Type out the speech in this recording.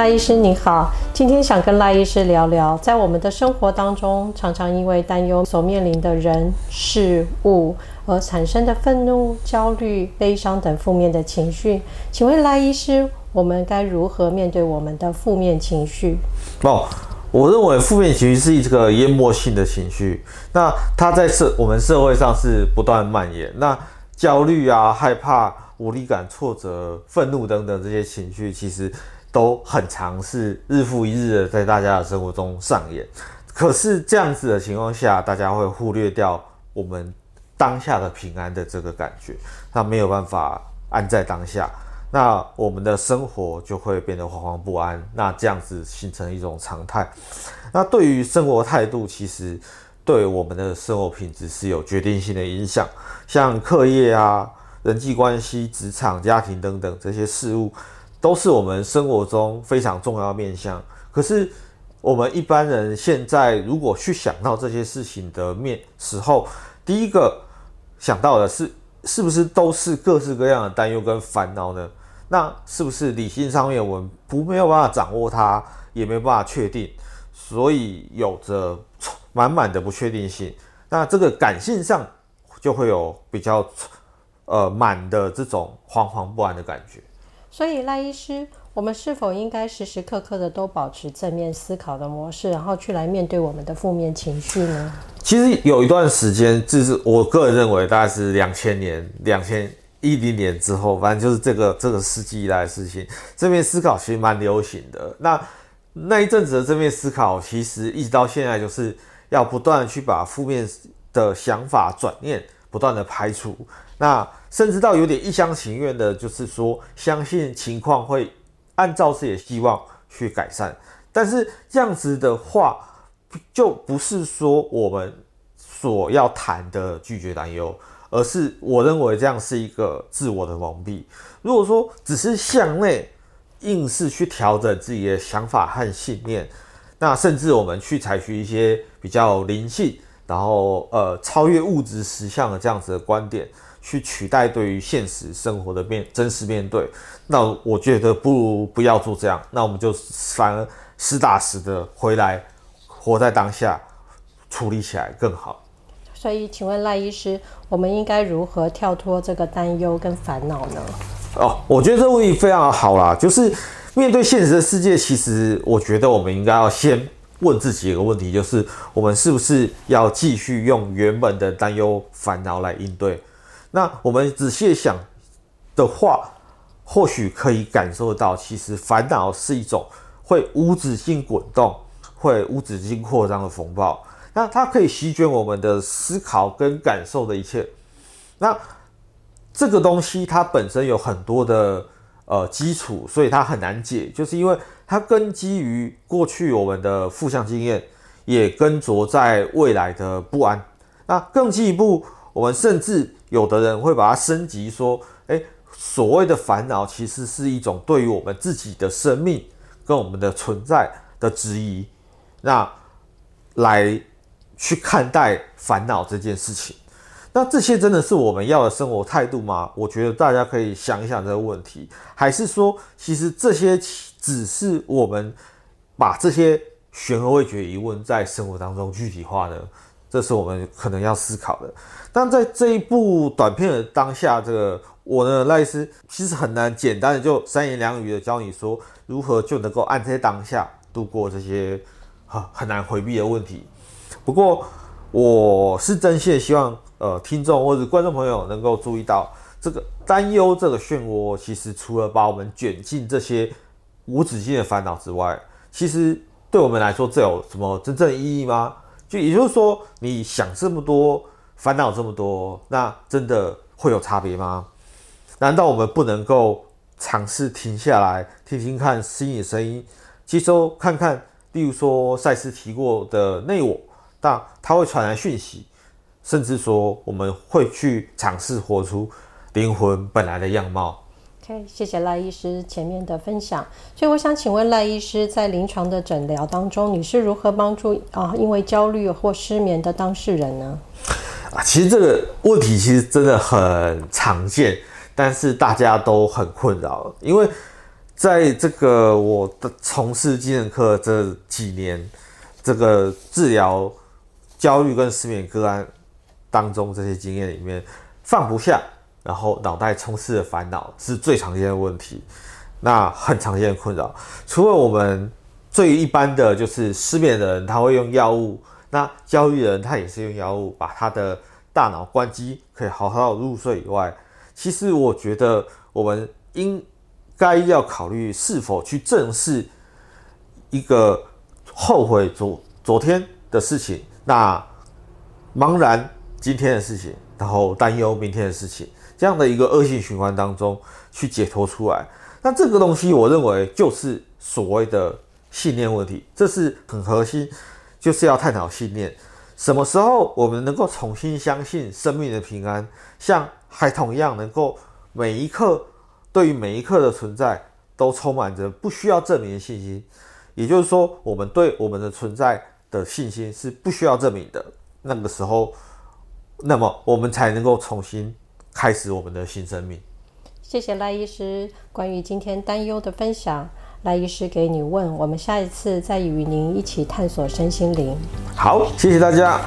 賴醫師，您好，今天想跟賴醫師聊聊，在我們的生活當中，常常因為擔憂所面臨的人事物而產生的憤怒、焦慮、悲傷等負面的情緒。請問賴醫師，我們該如何面對我們的負面情緒？不、oh，我認為負面情緒是一個淹沒性的情緒。那它在社我們社會上是不斷蔓延。那焦慮啊、害怕、無力感、挫折、憤怒等等這些情緒，其實。都很常是日復一日的在大家的生活中上演，可是這樣子的情況下，大家會忽略掉我們當下的平安的這個感覺，那沒有辦法安在當下，那我們的生活就會變得惶惶不安，那這樣子形成一種常態。那對於生活態度，其實對我們的生活品質是有決定性的影響，像課業啊、人際關係、職場、家庭等等這些事物。都是我們生活中非常重要的面向。可是，我們一般人現在如果去想到這些事情的面時候，第一個想到的是，是不是都是各式各樣的擔憂跟煩惱呢？那是不是理性上面我們不沒有辦法掌握它，也沒辦法確定，所以有着滿滿的不確定性。那這個感性上就會有比較，呃，滿的這種惶惶不安的感覺。所以賴醫師，我們是否應該時時刻刻的都保持正面思考的模式，然後去來面對我們的負面情緒呢？其實有一段時間，就是我個人認為大概是兩千年、兩千一零年之後，反正就是這個這個世紀以來的事情，正面思考其實蠻流行的。那那一陣子的正面思考，其實一直到現在，就是要不斷去把負面的想法轉念，不斷的排除。那甚至到有點一廂情願的，就是說相信情況會按照自己的希望去改善。但是這樣子的話，就不是說我們所要談的拒絕擔憂，而是我認為這樣是一個自我的蒙蔽。如果說只是向內硬是去調整自己的想法和信念，那甚至我們去採取一些比較靈性，然後呃超越物質實相的這樣子的觀點。去取代對於現實生活的面，真實面對，那我覺得不如不要做這樣，那我們就反而實打實的回來，活在當下，處理起來更好。所以，請問賴醫師，我們應該如何跳脫這個擔憂跟煩惱呢？哦，我覺得這個問題非常好啦，就是面對現實的世界，其實我覺得我們應該要先問自己一個問題，就是我們是不是要繼續用原本的擔憂、煩惱來應對？那我們仔細想的話，或許可以感受到，其實煩惱是一種會無止境滾動、會無止境擴張的風暴。那它可以席捲我們的思考跟感受的一切。那這個東西它本身有很多的呃基礎，所以它很難解，就是因為它根基於過去我們的負向經驗，也跟着在未來的不安。那更進一步。我們甚至有的人會把它升級，說：“誒，所謂的煩惱其實是一種對於我們自己的生命跟我們的存在的質疑。”那來去看待煩惱這件事情，那這些真的是我們要的生活態度嗎？我覺得大家可以想一想這個問題，還是說，其實這些只是我們把這些懸而未決疑問在生活當中具體化呢？這是我們可能要思考的。但在這一部短片的當下，這個我的賴斯其實很難簡單的就三言兩語的教你說如何就能夠按這些當下度過這些很很難迴避的問題。不過，我是真心的希望呃聽眾或者觀眾朋友能夠注意到這個擔憂這個漩渦，其實除了把我們捲進這些無止境的煩惱之外，其實對我們來說這有什麼真正的意義嗎？就也就是說，你想這麼多，煩惱這麼多，那真的會有差別嗎？難道我們不能夠嘗試停下來，聽聽看心裡的聲音，接收看看，例如說賽斯提過的內我，那它會傳來訊息，甚至說我們會去嘗試活出靈魂本來的樣貌。Okay, 謝謝賴醫師前面的分享，所以我想請問賴醫師，在臨床的診療當中，你是如何幫助啊、呃，因為焦慮或失眠的當事人呢？啊，其實這個問題其實真的很常見，但是大家都很困擾，因為在這個我的從事精神科這幾年，這個治療焦慮跟失眠個案當中，這些經驗裡面放不下，然後腦袋充斥的煩惱是最常見的問題，那很常見的困擾。除了我們最一般的就是失眠的人，他會用藥物；那焦慮的人他也是用藥物，把他的大腦關機，可以好，好好入睡以外，其實我覺得我們應該要考慮是否去正視一個後悔昨、昨天的事情，那茫然今天的事情，然後擔憂明天的事情，這樣的一個惡性循環當中去解脫出來，那這個東西我認為就是所謂的信念問題，這是很核心，就是要探討信念。什麼時候我們能夠重新相信生命的平安，像孩童一樣，能夠每一刻對於每一刻的存在都充滿着不需要證明的信心。也就是說，我們對我們的存在的信心是不需要證明的。那個時候，那麼我們才能夠重新。開始我們的新生命。謝謝賴醫師，關於今天擔憂的分享。賴醫師給你問，我們下一次再與您一起探索身心靈。好，謝謝大家。